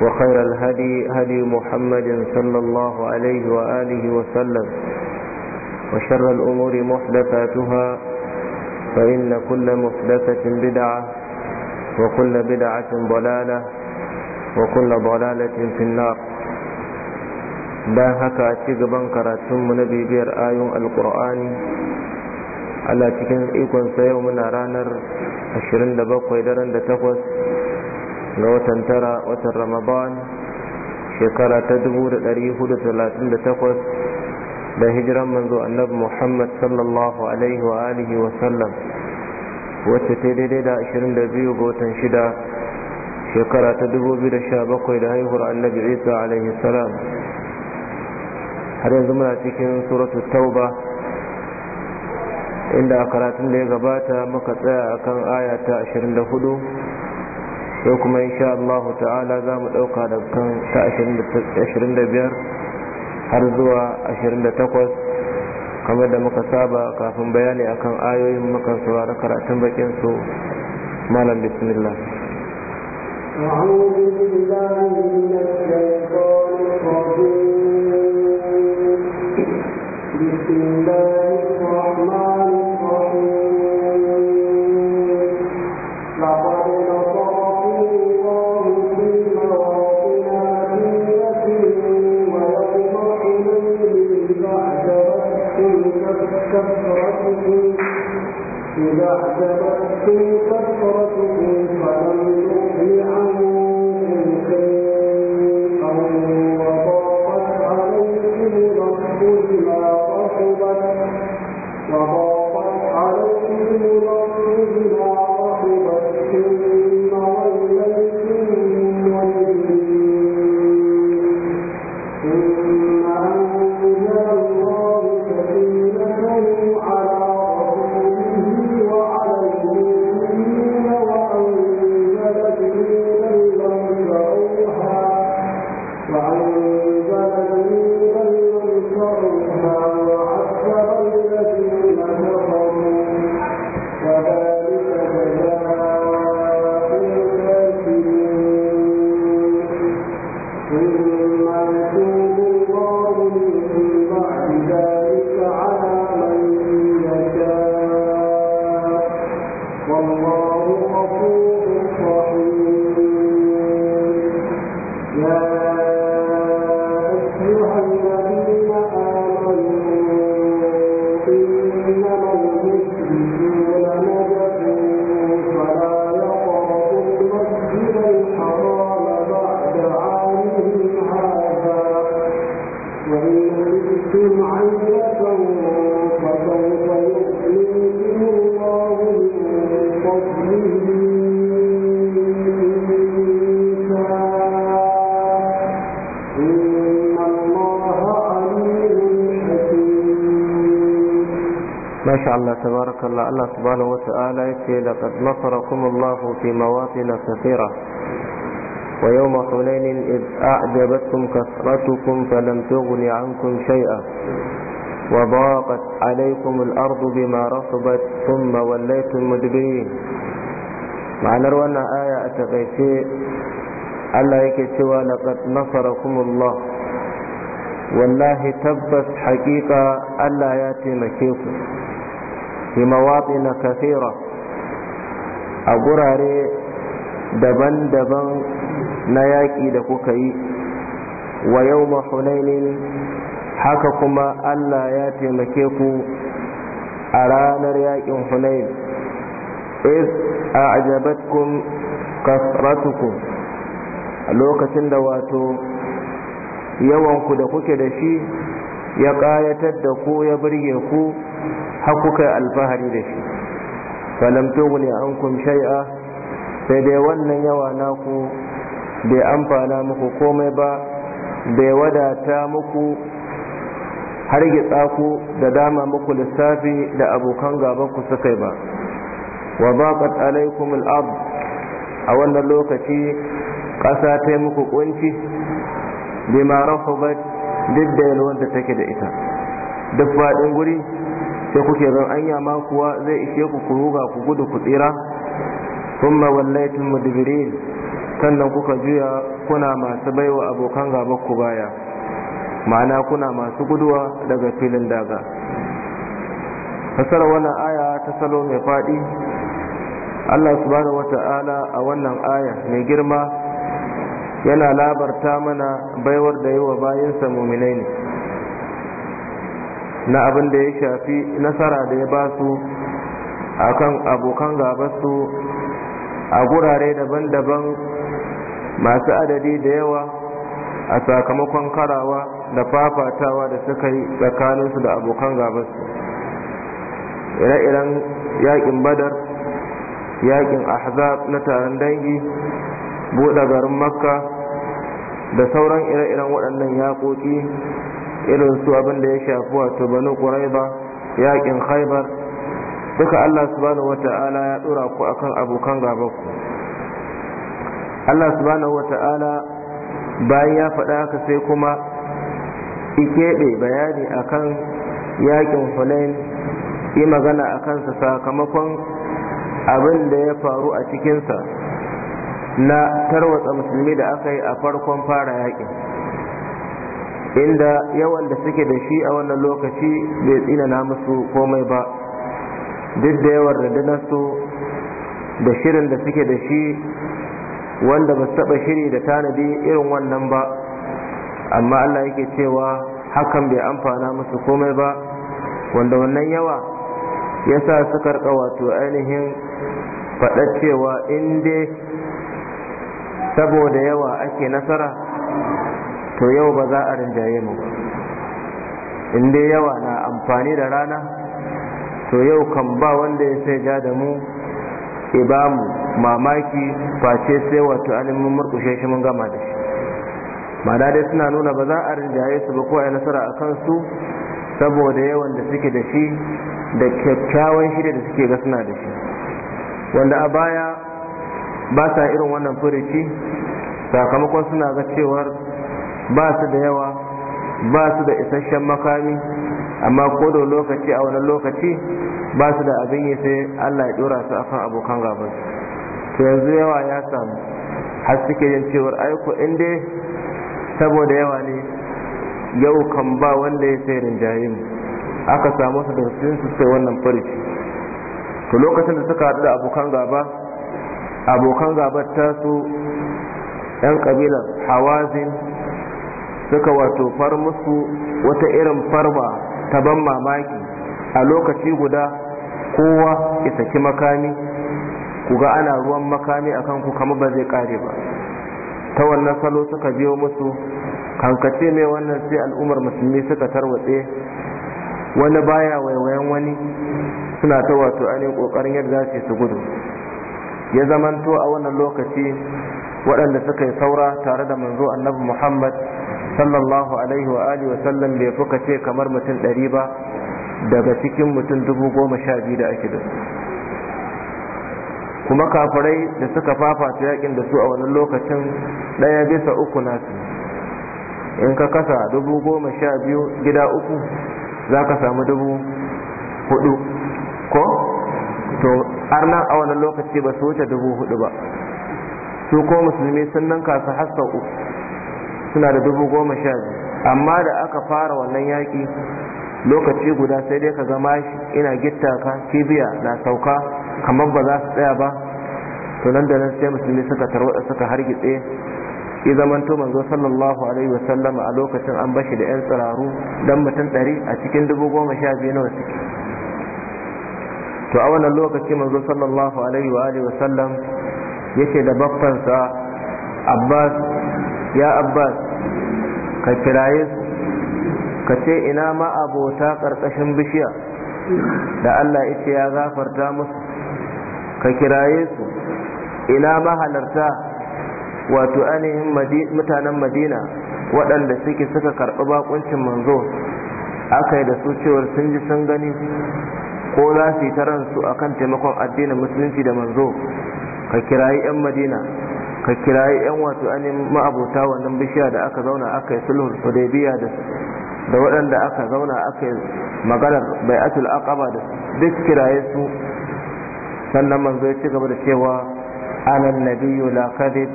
وخير الهدي هدي محمد صلى الله عليه وآله وسلم وشر الأمور محدثاتها فإن كل محدثة بدعة وكل بدعة ضلالة وكل ضلالة في النار bayan haka ci gaban karatunmu na bibiyar ayon alkur'ani Allah cikin ikonsa yau muna ranar 27 daren da takwas ga watan tara watan ramadan shekara ta 438 da hijiran manzo annabi muhammad sallallahu alaihi wa alihi wa sallam wacce ta daidai da 22 ga watan shida shekara ta 2017 da haihuwar annabi isa alaihi salam har yanzu muna cikin suratul tauba inda a karatun da ya gabata muka tsaya akan aya ta 24 sai kuma insha Allah ta'ala za mu ɗauka da kan ta 25 har zuwa 28 kamar da muka saba kafin bayani akan ayoyin muka saurari karatun bakin su malam bismillah بسم الله الرحمن بعد مكة كثرته صلى الله سبحانه وتعالى يكفي لقد نصركم الله في مواطن كثيرة ويوم حنين إذ أعجبتكم كثرتكم فلم تغن عنكم شيئا وضاقت عليكم الأرض بما رصبت ثم وليتم مدبرين معنى ان آية أتغيثي ألا يكتوى لقد نصركم الله والله تبت حقيقة ألا ياتي مكيكم fi mawaɗina kafira a gurare daban-daban na yaƙi da kuka yi wa yau hunainin haka kuma Allah ya taimake ku a ranar yaƙin hunain is a ajabatkum a lokacin da wato yawanku da kuke da shi ya ƙayatar da ku ya birge ku hakuka alfahari da shi falam tughni ankum shay'a sai dai wannan yawa naku bai amfana muku komai ba bai wadata muku har ku da dama muku lissafi da abokan gabanku suka yi ba wa baqat alaikum al-ard a wannan lokaci ƙasa ta muku kunci bima rahubat duk da yalwar da take da ita duk faɗin guri sai kuke zan anya ma kuwa zai ishe ku ku ruga ku gudu ku tsira thumma wallaytum mudbirin sannan kuka juya kuna masu baiwa abokan gaba ku baya ma'ana kuna masu guduwa daga filin daga fasara wannan aya ta salo mai faɗi Allah subhanahu wata'ala a wannan aya mai girma yana labarta mana baiwar da yi wa bayansa muminai ne na abin da ya shafi nasara da ya ba su a kan abokan gabasu a gurare daban-daban masu adadi da yawa a sakamakon karawa da fafatawa da suka yi tsakaninsu da abokan gabasu ire-iren yakin badar yakin ahzab na taron dangi buɗe garin makka da sauran ire-iren waɗannan yaƙoƙi irin su abin da ya shafi wato banu quraiba yaƙin khaybar duka Allah subhanahu wata'ala ya dora ku akan abokan gabanku. ku Allah subhanahu wata'ala bayan ya faɗa haka sai kuma ikeɓe bayani akan yaƙin hulain yi magana a kansa sakamakon abin da ya faru a cikinsa na tarwatsa musulmi da aka yi a farkon fara yaƙin. inda yawan da suke da shi a wannan lokaci bai tsinana musu komai ba duk da yawan su da shirin da suke da shi wanda ba su taba shiri da tanadi irin wannan ba amma Allah yake cewa hakan bai amfana musu komai ba wanda wannan yawa ya sa su karka wato ainihin faɗacewa, inda saboda yawa ake nasara to yau ba za a rinjaye mu ba in yawa na amfani da rana to yau kan ba wanda ya sai ja da mu mu mamaki face sai wato alimin murkushe shi mun gama da shi ma'ana dai suna nuna ba za a rinjaye su ba ko nasara a kansu saboda yawan da suke da shi da kyakkyawan shirya da suke ga suna da shi wanda a baya ba sa irin wannan furici sakamakon suna ga cewar ba su da yawa ba su da isasshen makami amma ko da lokaci a wani lokaci ba su da abin yi sai Allah ya dora su akan abokan gaban to yanzu yawa ya samu har suke yin cewar aiko inda saboda yawa ne yau kan ba wanda ya sai rinjaye mu aka samu su da su sai wannan farki to lokacin da suka haɗu da abokan gaba abokan gaba ta su 'yan kabilar hawazin suka wato far musu wata irin farba ta ban mamaki a lokaci guda kowa ya saki makami ku ga ana ruwan makami akan ku kama ba zai kare ba ta wannan salo suka biyo musu kankace mai wannan sai al'ummar musulmi suka tarwatse wani baya waiwayen wani suna ta wato ainihin kokarin yadda za su gudu ya zamanto a wannan lokaci waɗanda suka yi saura tare da manzo annabi muhammad sallallahu alaihi wa alihi wa sallam bai fuka ce kamar mutum ɗari ba daga cikin mutum dubu goma sha biyu da ake da su kuma kafirai da suka fafata yakin da su a wani lokacin ɗaya bisa uku nasu in ka kasa dubu goma sha biyu gida uku za ka samu dubu hudu ko to har nan a wani lokaci ba su wuce dubu hudu ba su ko musulmi sun nan su hasa uku suna da dubu goma sha biyu amma da aka fara wannan yaƙi lokaci guda sai dai ka gama shi ina gitta ka kibiya na sauka kamar ba za su tsaya ba to nan da nan sai musulmi suka tarwada suka hargitse ya zamanto manzo sallallahu alaihi wasallam a lokacin an bashi da yan tsiraru dan mutum ɗari a cikin dubu goma sha biyu nawa suke to a wannan lokaci manzo sallallahu alaihi wa alihi wasallam yake da sa abbas ya abbas ka kiraye su ka ce ina ma abota ƙarƙashin bishiya da allah ita ya gafarta musu ka kiraye su ina mahalarta wato ainihin mutanen madina waɗanda suke suka karɓi bakuncin manzo aka yi da su cewar sun ji sun gani ko za su yi taransu a kan taimakon addinin musulunci da manzo ka kirayi 'yan madina ka kirayi yan wato anin ma'abota wannan bishiya da aka zauna aka yi sulhul hudaybiya da da waɗanda aka zauna aka yi maganar asul aqaba da duk kiraye su sannan manzo ya ci gaba da cewa ana nabiyyu la kadhib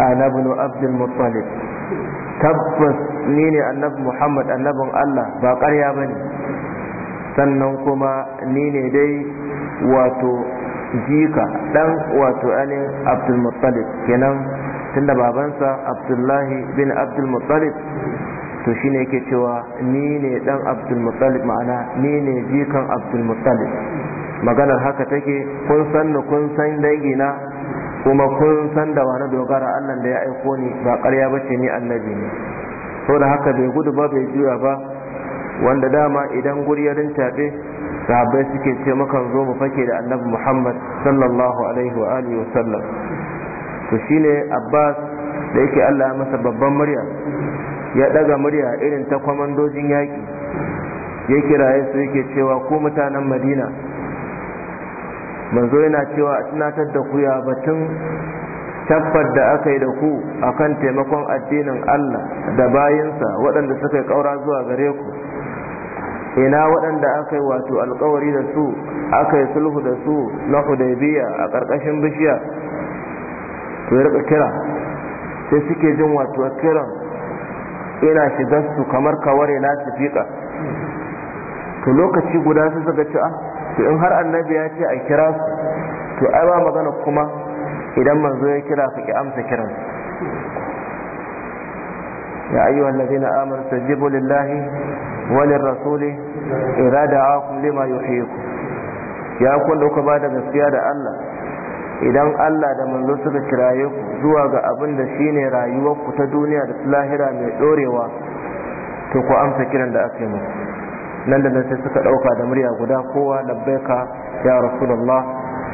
ana ibn abdul muttalib tabbas ni ne annabi muhammad annabin allah ba ƙarya bane sannan kuma ni ne dai wato jika dan wato anin abdul muttalib kenan tunda babansa abdullahi bin abdul muttalib to shine yake cewa ni ne dan abdul muttalib ma'ana ni ne jikan abdul muttalib maganar haka take kun san ni kun san dangina kuma kun san da wani dogara Allah da ya aiko ni ba ƙarya bace ni annabi ne saboda haka bai gudu ba bai juya ba wanda dama idan guri ya sahabbai suke ce mukan zo mu fake da annabi muhammad sallallahu alaihi wa alihi wasallam to shine abbas da yake allah masa babban murya ya daga murya irin ta kwamandojin yaƙi ya kiraye su yake cewa ko mutanen madina manzo yana cewa a tunatar da ku ya batun tabbar da aka yi da ku akan taimakon addinin allah da bayinsa waɗanda suka yi ƙaura zuwa gare ku ina waɗanda aka yi wato alkawari da su aka sulhu da su na hudaybiya a ƙarƙashin bishiya to ya rika kira sai suke jin wato kiran ina shigar su kamar kaware na su to lokaci guda su suka ci a ah, to in har annabi ya ce a kira su to ai ba magana kuma idan manzo ya kira ka ki amsa kiransu يا أيها الذين آمنوا استجيبوا لله وللرسول إذا دعاكم لما يحييكم يا كل أكباد السيادة الله idan Allah da manzo suka kiraye ku zuwa ga abin da shine rayuwar ku ta duniya da lahira mai dorewa to ku amsa kiran da aka yi muku nan da nan sai suka dauka da murya guda kowa labbaika ya rasulullah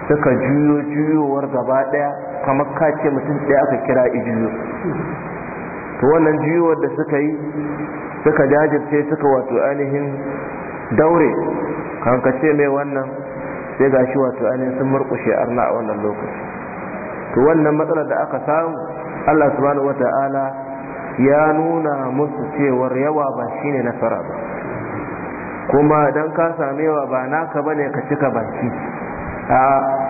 suka juyo juyowar gaba daya kamar kace mutum ɗaya aka kira ijiyo to wannan jiwuwar da suka yi suka jajirce suka wato ainihin daure kankace mai wannan sai ga shi wato ainihin sun murƙushe arna a wannan lokaci to wannan matsalar da aka samu allah subhanahu ta'ala ya nuna musu cewar yawa ba shine nasara ba kuma don ka same yawa ba naka bane ka cika baki a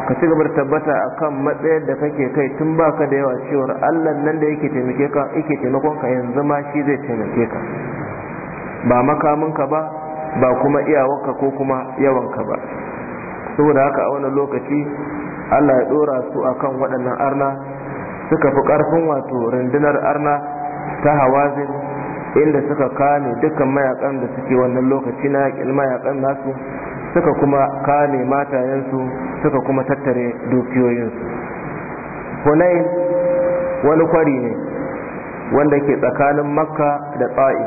ka ci gaba da tabbata akan matsayar da kake kai tun baka da yawa cewar Allah nan da yake taimake ka yake taimakon ka yanzu ma shi zai taimake ka ba makamin ba ba kuma iyawanka ko kuma yawan ka ba saboda haka a wannan lokaci Allah ya dora su akan waɗannan arna suka fi ƙarfin wato rundunar arna ta hawazin inda suka kame dukkan mayakan da suke wannan lokaci na yaƙin mayakan nasu suka kuma kame matayensu suka kuma tattare dukiyoyinsu hunain wani kwari ne wanda ke tsakanin makka da tsa'i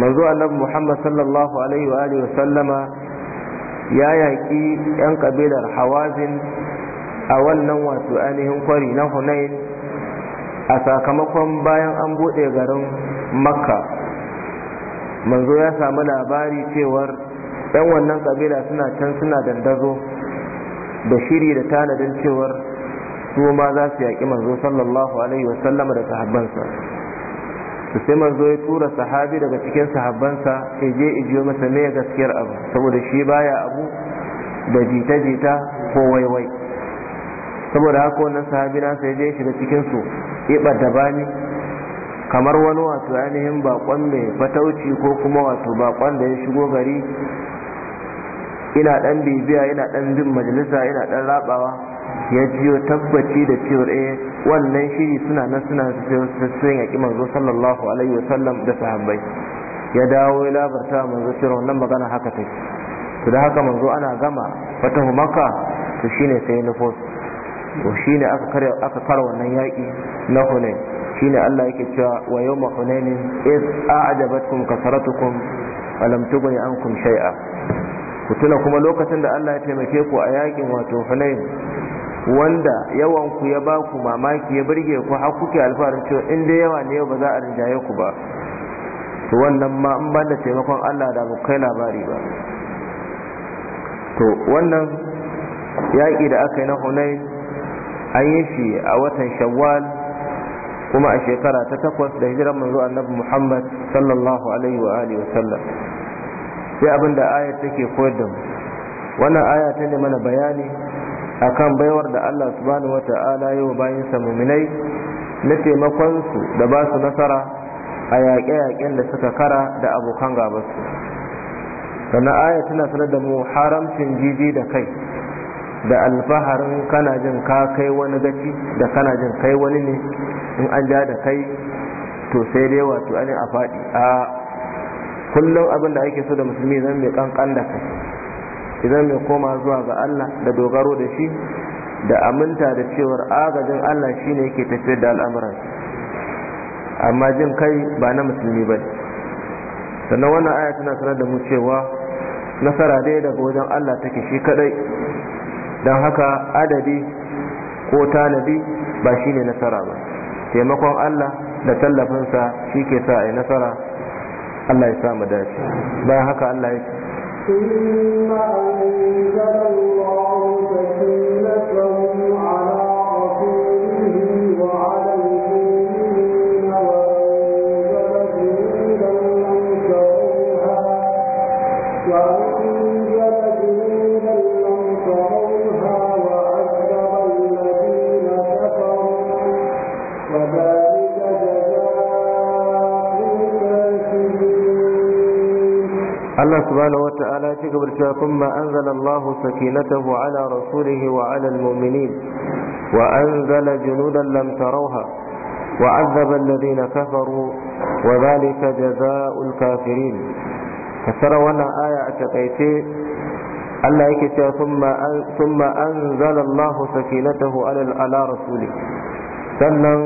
manzo annabi muhammad sallallahu alaihi wa alihi sallama ya yaƙi 'yan kabilar hawazin a wannan wato ainihin kwari na hunain a sakamakon bayan an buɗe garin makka manzo ya samu labari cewar Ɗan wannan kabila suna can suna dandazo da shiri da tanadin cewar su ma za su yaƙi manzo sallallahu alaihi wasallama da sahabbansa su sai manzo ya tura sahabi daga cikin sahabbansa ya je ijiyo masa me gaskiyar abu saboda shi baya abu da jita-jita ko waiwai saboda haka wannan sahabi na sai je shiga cikin su ya bani kamar wani wato ainihin bakon mai fatauci ko kuma wato bakon da ya shigo gari ina dan bibiya ina dan bin majalisa ina dan rabawa ya jiyo tabbaci da cewar eh wannan shiri suna nan suna sun yaki manzo sallallahu alaihi wasallam da sahabbai ya dawo ya labarta manzo cewa wannan magana haka take to da haka manzo ana gama wata makka to shine sai nufo to shine aka kare aka kare wannan yaki na hunain shine Allah yake cewa wa yawma hunainin iz a'jabatkum kasaratukum wa lam tughni ankum shay'a ku tuna kuma lokacin da Allah ya taimake ku a yakin wato hunain wanda yawan ku ya ba ku mamaki ya burge ku har kuke alfarin cewa in dai yawa ne ba za a rinjaye ku ba to wannan ma in bada taimakon Allah da ba kai labari ba to wannan yaki da aka yi na hunain an yi shi a watan shawwal kuma a shekara ta takwas da hijiran manzo annabi Muhammad sallallahu alaihi wa alihi wa sallam sai abin da ayar take koyar da mu wannan aya ta ne mana bayani akan baiwar da Allah subhanahu wa ta'ala yau wa bayin sa muminai na taimakon su da ba su nasara a yaƙe-yaƙen da suka kara da abokan gabansu sannan aya tana sanar da mu haramcin jiji da kai da alfaharin kana jin ka kai wani gaci da kana jin kai wani ne in an ja da kai to sai dai wato ani a faɗi a kullum abin da ake so da musulmi zan mai kankan da kai idan mai koma zuwa ga Allah da dogaro da shi da aminta da cewar agajin Allah shine yake tafiyar da al'amuran amma jin kai ba na musulmi ba sannan wannan aya tana sanar da mu cewa nasara dai daga wajen Allah take shi kadai don haka adadi ko tanadi ba shine nasara ba taimakon Allah da tallafinsa shi ke sa a yi nasara Allah ya samu dace bayan haka Allah ya ce Allah subhanahu wa ta'ala ya ci gaba cewa kuma an zala Allah sakinatahu ala rasulihi wa ala muminin wa an zala junudan lam tarauha wa azaba alladhina kafaru wa zalika jazaa'ul kafirin fasara wannan aya a takaice Allah yake cewa kuma an kuma an zala Allah sakinatahu ala ala sannan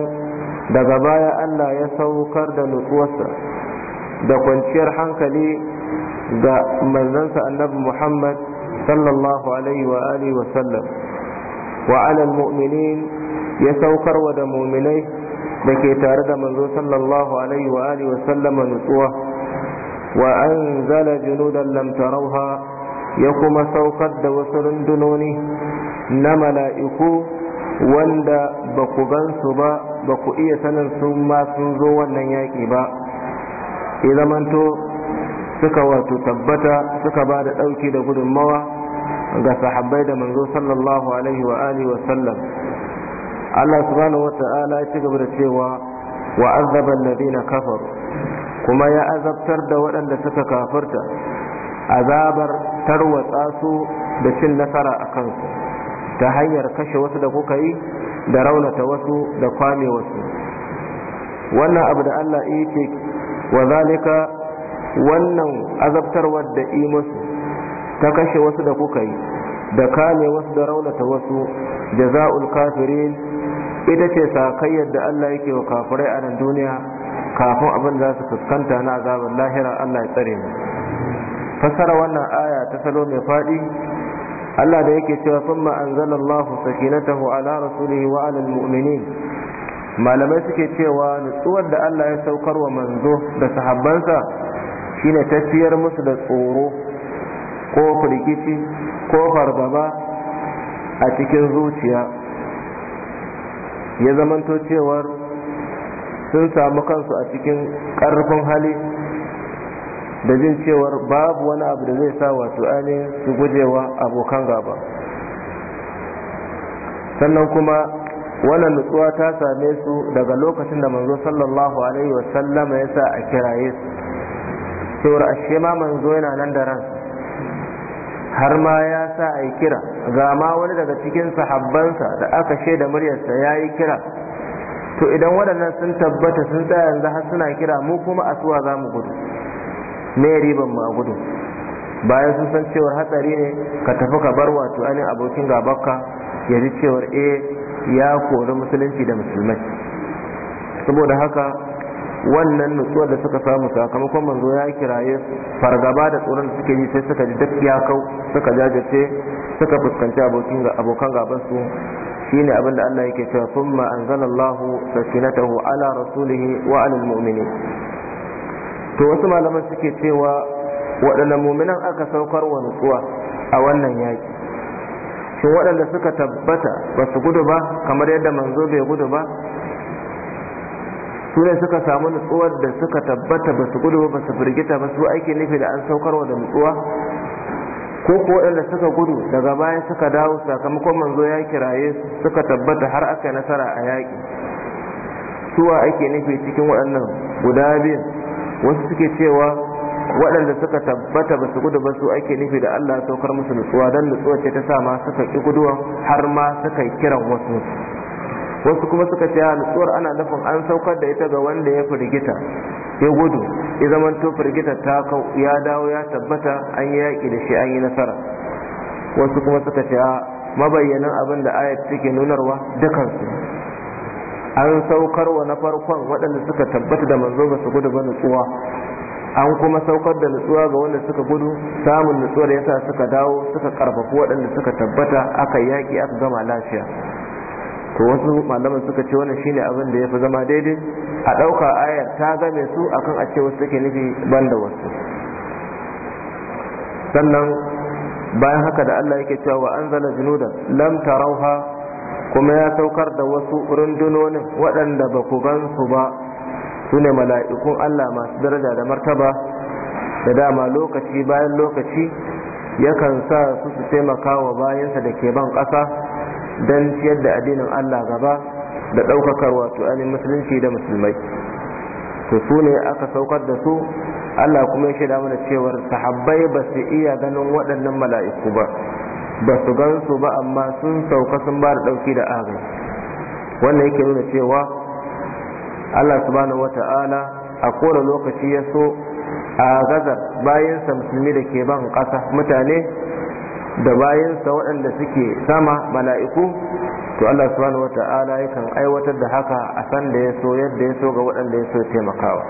daga baya Allah ya saukar da nutsuwarsa da kwanciyar hankali ga manzansa annabi Muhammad sallallahu alaihi wa alihi wa sallam wa alal mu'minin ya saukarwa da mu'minai da ke tare da manzo sallallahu alaihi wa alihi wa sallama nutsuwa wa anzala junudan lam tarawha ya kuma saukar da wasu rundunoni na mala'iku wanda ba ku gansu ba ba ku iya sanin sun ma sun zo wannan yaƙi ba. zamanto suka wato tabbata suka ba da ɗauki da gudunmawa ga sahabbai da manzo sallallahu alaihi wa alihi wa sallam Allah subhanahu wa ta'ala ya ci gaba da cewa wa azaba alladhina kafaru kuma ya azabtar da waɗanda suka kafirta azabar tarwatsa su da cin nasara a kansu ta hanyar kashe wasu da kuka yi da raunata wasu da kwame wasu wannan abu da Allah ce wa zalika wannan azabtarwar da imus ta kashe wasu da kuka yi da kame wasu da raunata wasu jaza'ul kafirin ita ce sakayyar da Allah yake wa kafirai a nan duniya kafin abin za su fuskanta na azabar lahira Allah ya tsare mu fassara wannan aya ta salo mai faɗi Allah da yake cewa thumma anzalallahu sakinatahu ala rasulihi wa ala almu'minin malamai suke cewa nutsuwar da Allah ya saukar wa manzo da sahabbansa shine tafiyar musu da tsoro ko firgici ko fargaba a cikin zuciya ya zamanto cewar sun samu kansu a cikin ƙarfin hali da jin cewar babu wani abu da zai sa wato ane su gujewa abokan gaba sannan kuma wannan nutsuwa ta same su daga lokacin da manzo sallallahu alaihi wasallama ya sa a kiraye su cewar ashe ma manzo yana nan da ransa har ma ya sa a yi kira ga ma wani daga cikin sahabbansa da aka shaida muryarsa ya yi kira to idan waɗannan sun tabbata sun tsaya yanzu har suna kira mu kuma asuwa za mu gudu me riban mu a gudu bayan sun san cewar hatsari ne ka tafi ka bar wato ainihin abokin gabanka ya ji cewar eh ya kori musulunci da musulmai saboda haka wannan nutsuwa da suka samu sakamakon manzo ya kiraye fargaba da tsoron da suke yi sai suka ji duk ya kau suka jajirce suka fuskanci abokan gaban su shine abin da Allah yake cewa thumma anzalallahu sakinatahu ala rasulihi wa ala almu'minin to wasu malaman suke cewa waɗannan mu'minan aka saukar wa nutsuwa a wannan yaki shin waɗanda suka tabbata ba su gudu ba kamar yadda manzo bai gudu ba su ne suka samu nutsuwar da suka tabbata ba su gudu ba su firgita ba su aiki nufi da an saukarwa da nutsuwa ko ko waɗanda suka gudu daga baya suka dawo sakamakon manzo ya kiraye suka tabbata har aka nasara a yaƙi suwa ake nufi cikin waɗannan guda biyu wasu suke cewa waɗanda suka tabbata ba su gudu ba su ake nufi da Allah ya saukar musu nutsuwa don nutsuwa ce ta sa ma suka ƙi guduwa har ma suka kiran wasu wasu kuma suka ce a nutsuwar ana nufin an saukar da ita ga wanda ya firgita ya gudu ya zama to firgita ta kau ya dawo ya tabbata an yi yaƙi da shi an yi nasara wasu kuma suka ce a mabayyanin abin da ayat take nunarwa dukansu an saukar wa na farkon waɗanda suka tabbata da manzo ba su gudu ba nutsuwa an kuma saukar da nutsuwa ga wanda suka gudu samun nutsuwar yasa suka dawo suka karfafi waɗanda suka tabbata aka yaƙi aka gama lafiya to wasu malaman suka ce wannan shine abin da ya fi zama daidai a ɗauka ayar ta game su akan a ce wasu take nufi banda wasu sannan bayan haka da Allah yake cewa wa anzala junudan lam tarauha kuma ya saukar da wasu rundunonin waɗanda ba ku gan su ba sune mala'ikun Allah masu daraja da martaba da dama lokaci bayan lokaci yakan sa su su taimaka wa bayansa da ke ban ƙasa don ciyar da addinin Allah gaba da ɗaukakar wato ainihin musulunci da musulmai to su ne aka saukar da su Allah kuma ya shaida mana cewar sahabbai ba su iya ganin waɗannan mala'iku ba ba su gan su ba amma sun sauka sun ba da ɗauki da agaji wannan yake nuna cewa Allah subhanahu wata'ala a kowane lokaci ya so a gazar bayan musulmi da ke ban ƙasa mutane da bayansa waɗanda suke sama mala'iku to Allah subhanahu wata'ala yakan aiwatar da haka a san da ya so yadda ya so ga waɗanda ya so taimakawa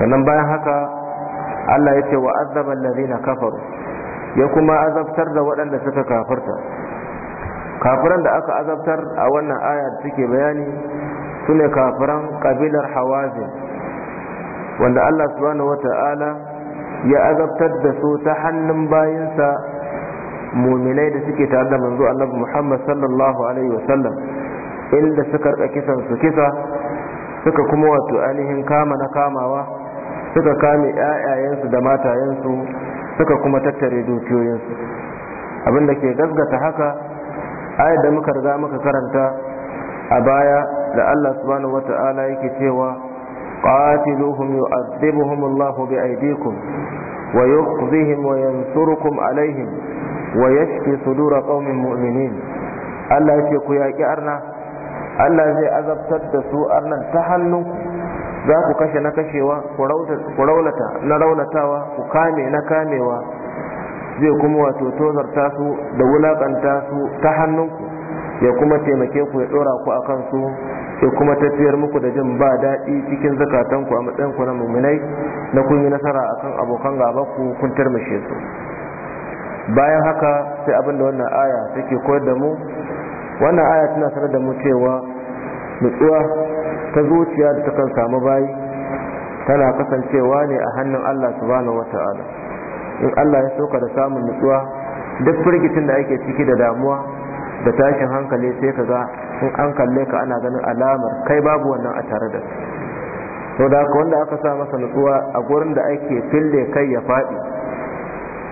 sannan bayan haka Allah ya ce wa azaba allazina kafaru ya kuma azabtar da waɗanda suka kafarta kafiran da aka azabtar a wannan aya da suke bayani su ne kafiran kabilar hawazin wanda Allah subhanahu wata'ala ya azabtar da su ta hannun bayansa muminai da suke tare da manzo annabi Muhammad sallallahu alaihi wasallam inda suka rika kisan su kisa suka kuma wato ainihin kama na kamawa suka kame ƴaƴayensu da matayensu suka kuma tattare dukiyoyinsu abinda ke gasgata haka ayar da muka riga muka karanta a baya da Allah subhanahu wata'ala yake cewa qatiluhum yu'adhibuhum Allah bi aydikum wa yukhzihim wa yansurukum alaihim wa yashfi sudura qaumin mu'minin Allah yake ku yaki arna Allah zai azabtar da su arnan ta hannunku za ku kashe na kashewa ku raulata na raunatawa ku kame na kamewa zai kuma wato tozarta su da wulakanta su ta hannunku ya kuma taimake ku ya dora ku a kansu ya kuma tafiyar muku da jin ba daɗi cikin zakatanku a ku na muminai na kun yi nasara akan abokan gaba ku kun tarmashe su bayan haka sai abin da wannan aya take koyar da mu wannan aya tana sanar da mu cewa nutsuwa ta zuciya da ta takan samu bayi tana kasancewa ne a hannun Allah subhanahu wata'ala in Allah ya soka da samun nutsuwa duk firgitin da ake ciki da damuwa da tashin hankali sai ka ga in an kalle ka ana ganin alamar kai babu wannan a tare da su da haka wanda aka sa masa nutsuwa a gurin da ake fille kai ya faɗi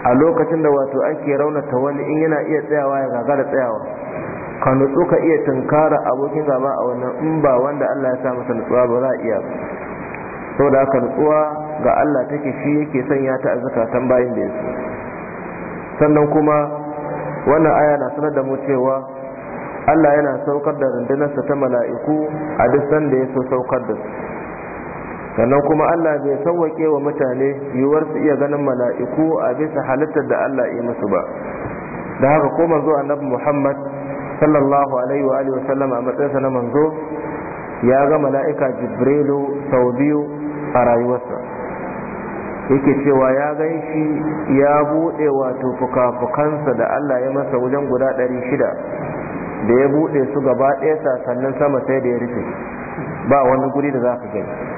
a lokacin da wato ake raunata wani in yana iya tsayawa ya gagara tsayawa ka nutsu ka iya tunkara abokin gaba a wannan in ba wanda Allah ya sa masa nutsuwa ba za a iya saboda haka nutsuwa ga Allah take shi yake sanya ta a zakatan bayin da yake sannan kuma wannan aya na sanar da mu cewa Allah yana saukar da rundunarsa ta mala'iku a duk sanda ya so saukar da su sannan kuma Allah bai sauwake wa mutane yiwuwar su iya ganin mala'iku a bisa halittar da Allah ya musu ba da haka ko manzo annabi Muhammad sallallahu alaihi wa alihi wasallam a matsayinsa na manzo ya ga mala'ika Jibrilu sau biyu a rayuwarsa yake cewa ya gan shi ya buɗe wato fuka-fukansa da Allah ya masa wajen guda ɗari shida da ya buɗe su gaba ɗaya sannan sama sai da ya rufe ba wani guri da za ka gani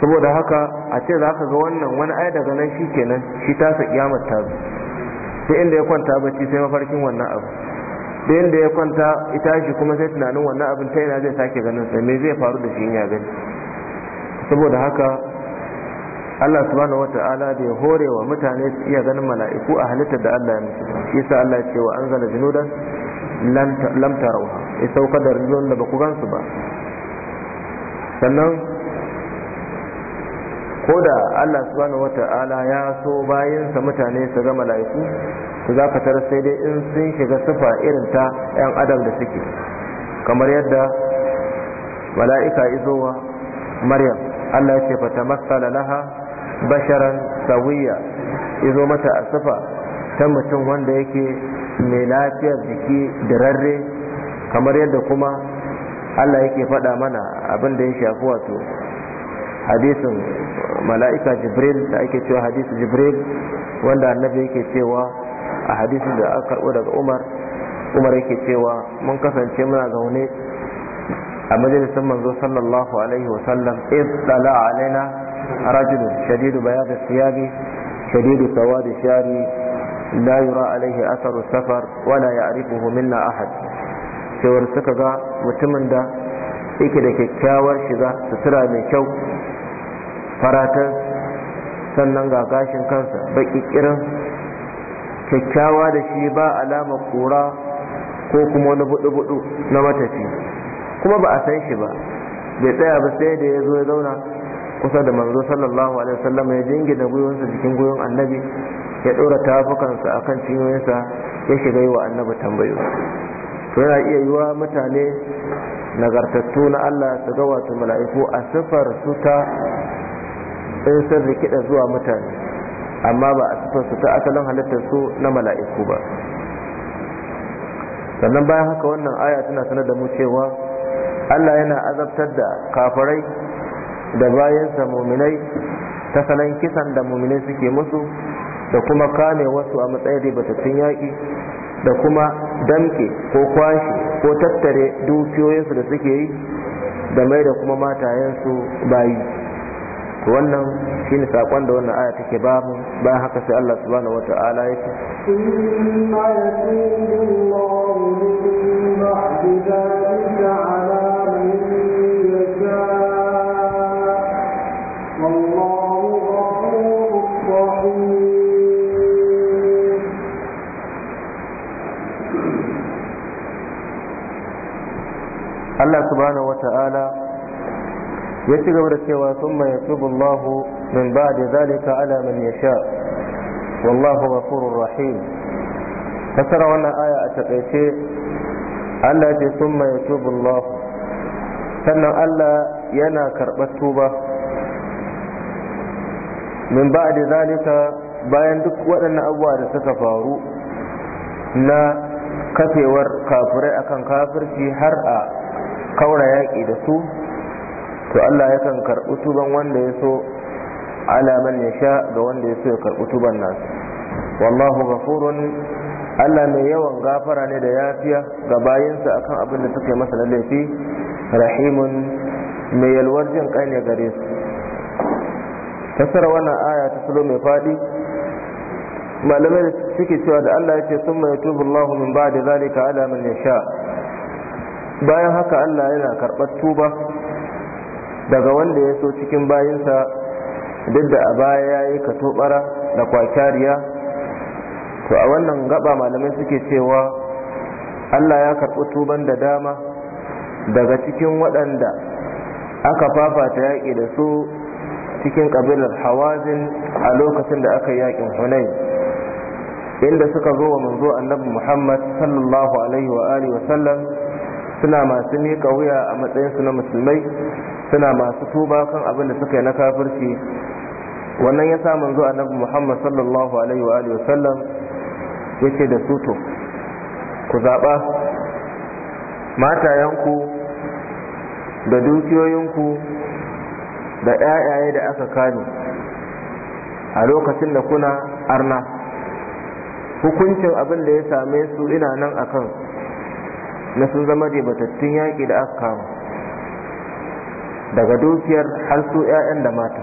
saboda haka a ce za ka ga wannan wani ai daga nan shi kenan shi tasa kiyamar ta sai inda ya kwanta bacci sai mafarkin wannan abu sai inda ya kwanta ita shi kuma sai tunanin wannan abin ta yana zai sake ganin sai me zai faru da shi yin ya gani saboda haka Allah subhanahu wata'ala da ya hore wa mutane su iya ganin mala'iku a halittar da Allah ya musu shi yasa Allah ya ce wa anzala junudan lam tarawha ya saukar da rijiyar da ba ku gansu ba sannan ko da Allah subhanahu wata'ala ya so bayansa mutane su ga mala'iku su za ka tara sai dai in sun shiga sufa irin ta 'yan adam da suke kamar yadda mala'ika izowa maryam Allah ya ce fa tamassala laha basharan sawiya izo mata a sufa ta mutum wanda yake mai lafiyar jiki da rarre kamar yadda kuma Allah yake faɗa mana abin da ya shafi wato hadisin mala'ika jibril da ake cewa hadisi jibril wanda annabi yake cewa a hadisin da aka karɓo daga umar umar yake cewa mun kasance muna zaune a majalisar manzo sallallahu alaihi wa sallam iz tsala alaina rajulun shadidu bayad siyabi shadidu sawadi shari la yura alaihi asaru safar wala ya'rifuhu minna ahad cewar suka ga mutumin da yake da kyakkyawar shiga sutura mai kyau faratar sannan ga gashin kansa baki kirin kyakkyawa da shi ba alama kura ko kuma wani budu-budu na matafi kuma ba a san shi ba bai tsaya ba sai da ya zo ya zauna kusa da manzo sallallahu alaihi wasallam ya jingina gwiwansa jikin gwiwan annabi ya ɗora tafukansa akan cinyoyinsa ya shiga yi wa annabi tambayoyi to yana iya yiwa mutane nagartattu na Allah su ga wato mala'iku a sifar su ta in sun rikida zuwa mutane amma ba a sifar su ta asalin halittar su na mala'iku ba sannan bayan haka wannan aya tana sanar da mu cewa Allah yana azabtar da kafirai da bayansa muminai ta salon kisan da muminai suke musu da kuma kame wasu a matsayin ribatattun yaƙi da kuma damke ko kwashe ko tattare dukiyoyinsu da suke yi da mai da kuma matayensu bayi wannan shi ne saƙon da wannan aya take mu bayan haka sai Allah subhanahu ta'ala ya ce inna yatubu Allahu Allah subhanahu wata'ala ya ci gaba da cewa sun mai yatubu Allah min ba da zalika ala man sha, wallahu ghafurur rahim fasara wannan aya a takaice Allah ce sun mai yatubu Allah sannan Allah yana karɓar tuba min ba da zalika bayan duk waɗannan abubuwa da suka faru na kafewar kafirai akan kafirci har a kaura yaƙi da su to Allah yakan karɓi tuban wanda ya so ala man ya sha ga wanda ya so ya karɓi tuban nan. wallahu gafurun Allah mai yawan gafara ne da yafiya ga bayinsa akan abin da suka masa laifi rahimun mai yalwar jin kai ne gare su fassara wannan aya ta salo mai faɗi malamai da suke cewa da Allah ya ce sun mai tubu Allah min ba da zalika ala man ya sha bayan haka Allah yana karɓar tuba daga wanda ya so cikin bayinsa duk da a baya ya yi katobara da kwakyariya to a wannan gaba malamai suke cewa Allah ya karɓi tuban da dama daga cikin waɗanda aka fafata yaƙi da su cikin ƙabilar hawazin a lokacin da aka yi yaƙin hunai inda suka zo wa manzo annabi muhammad sallallahu alaihi wa alihi wa sallam suna masu miƙa wuya a matsayinsu na musulmai suna masu tuba kan abin da suka yi na kafirci wannan ya samun zuwa annabi muhammad sallallahu alaihi wa alihi wasallam ya ce da suto ku zaɓa matayenku da dukiyoyinku da ƴaƴaye da aka kani a lokacin da kuna arna hukuncin abin da ya same su ina nan akan. na sun zama batattun yaƙi da aka kama daga dukiyar har su 'ya'yan da mata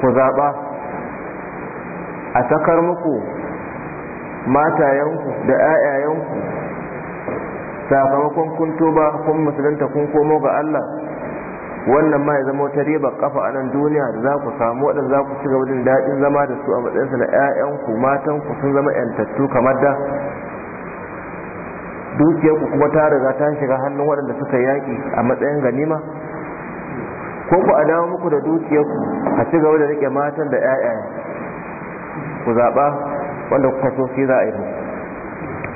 ku zaɓa a sakar muku matayenku da 'ya'yayenku sakamakon kun tuba kun musulunta kun komo ga Allah wannan ma ya zama wata ribar kafa a nan duniya da za ku samu waɗanda za ku ci gaba jin daɗin zama da su a matsayinsa na 'ya'yanku matanku sun zama 'yantattu kamar da dukiyar ku kuma ta riga ta shiga hannun waɗanda suka yaki a matsayin ganima ko ku a dawo muku da dukiyar ku a ci gaba da rike matan da ƴaƴaye ku zaɓa wanda kuka so shi za a yi muku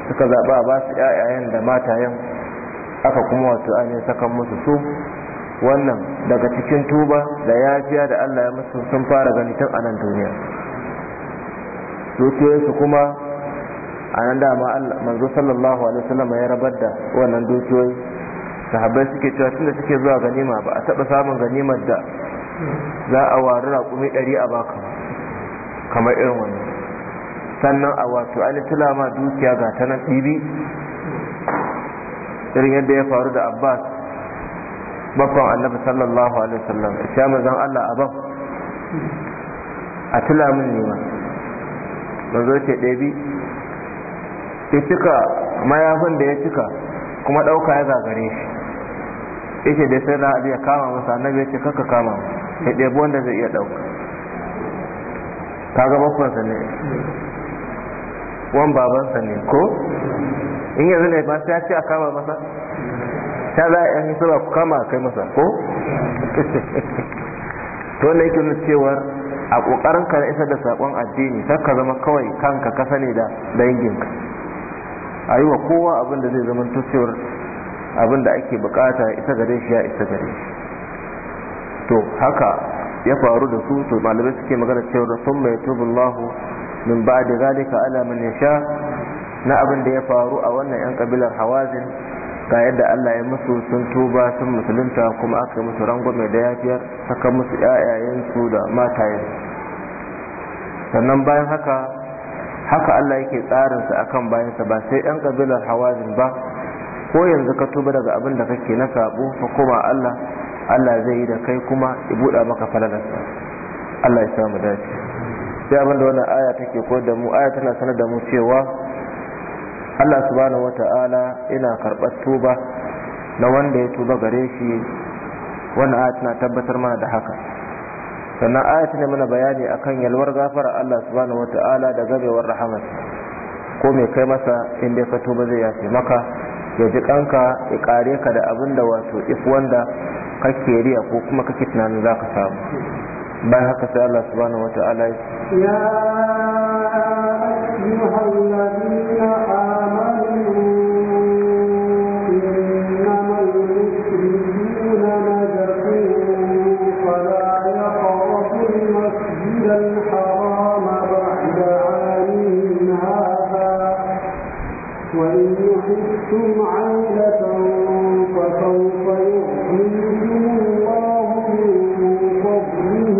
suka zaɓa ba su ƴaƴayen da matayen aka kuma wato ainihin sakan musu su wannan daga cikin tuba da yafiya da Allah ya musu sun fara gani tun a nan duniya dukiyarsu kuma a nan dama manzo sallallahu alaihi wasallam ya rabar da wannan dukiyoyi sahabbai suke cewa tunda suke zuwa ganima ba a taɓa samun ganimar da za a wari raƙumi ɗari a baka kamar irin wannan sannan a wato alitula tilama dukiya ga ta nan ɗibi irin yadda ya faru da abbas babban annabi sallallahu alaihi wasallam ya zan allah a ban a tilamin ne ma manzo ce ɗebi ya cika mayafin da ya cika kuma ɗauka ya zagare. shi yake da sai na ya kama masa annabi ya ce kaka kama ya ɗebi wanda zai iya ɗauka ga bakwansa ne wan babansa ne ko in yanzu ne ba sai ya ce a kama masa ta za a yi sura ku kama a kai masa ko to ne yake nuna cewar a ƙoƙarin ka na isa da saƙon addini kar ka zama kawai kanka ka sani da danginka a yi wa kowa abin da zai zama cewar abin da ake bukata isa gare shi ya isa gare shi to haka ya faru da su to malamai suke magana cewar sun mai lahu min ba da zalika ala ya sha na abin da ya faru a wannan yan kabilar hawazin ga yadda Allah ya musu sun tuba sun musulunta kuma aka yi musu mai da yafiyar saka musu 'ya'yayensu da matayen sannan bayan haka haka Allah yake tsarinsa akan bayansa ba sai yan kabilar hawazin ba ko yanzu ka tuba daga abin da kake na sabo ka koma Allah Allah zai yi da kai kuma ya buɗa maka falalarsa Allah ya samu dace sai abin da wannan aya take ko da mu aya tana sanar da mu cewa Allah subhanahu wata'ala yana karɓar tuba na wanda ya tuba gare shi wannan aya tana tabbatar mana da haka sannan aya ta mana bayani akan yalwar gafara Allah subhanahu wata'ala da gabewar rahamar ko mai kai masa in dai ka ba zai yafe maka ya ji kanka ya kare ka da abin da wato if wanda kake riya ko kuma kake tunanin za ka samu bayan haka sai Allah subhanahu wata'ala ya ayyuhallazina amanu وإن خفتم عيلة فسوف يغنيكم الله من فضله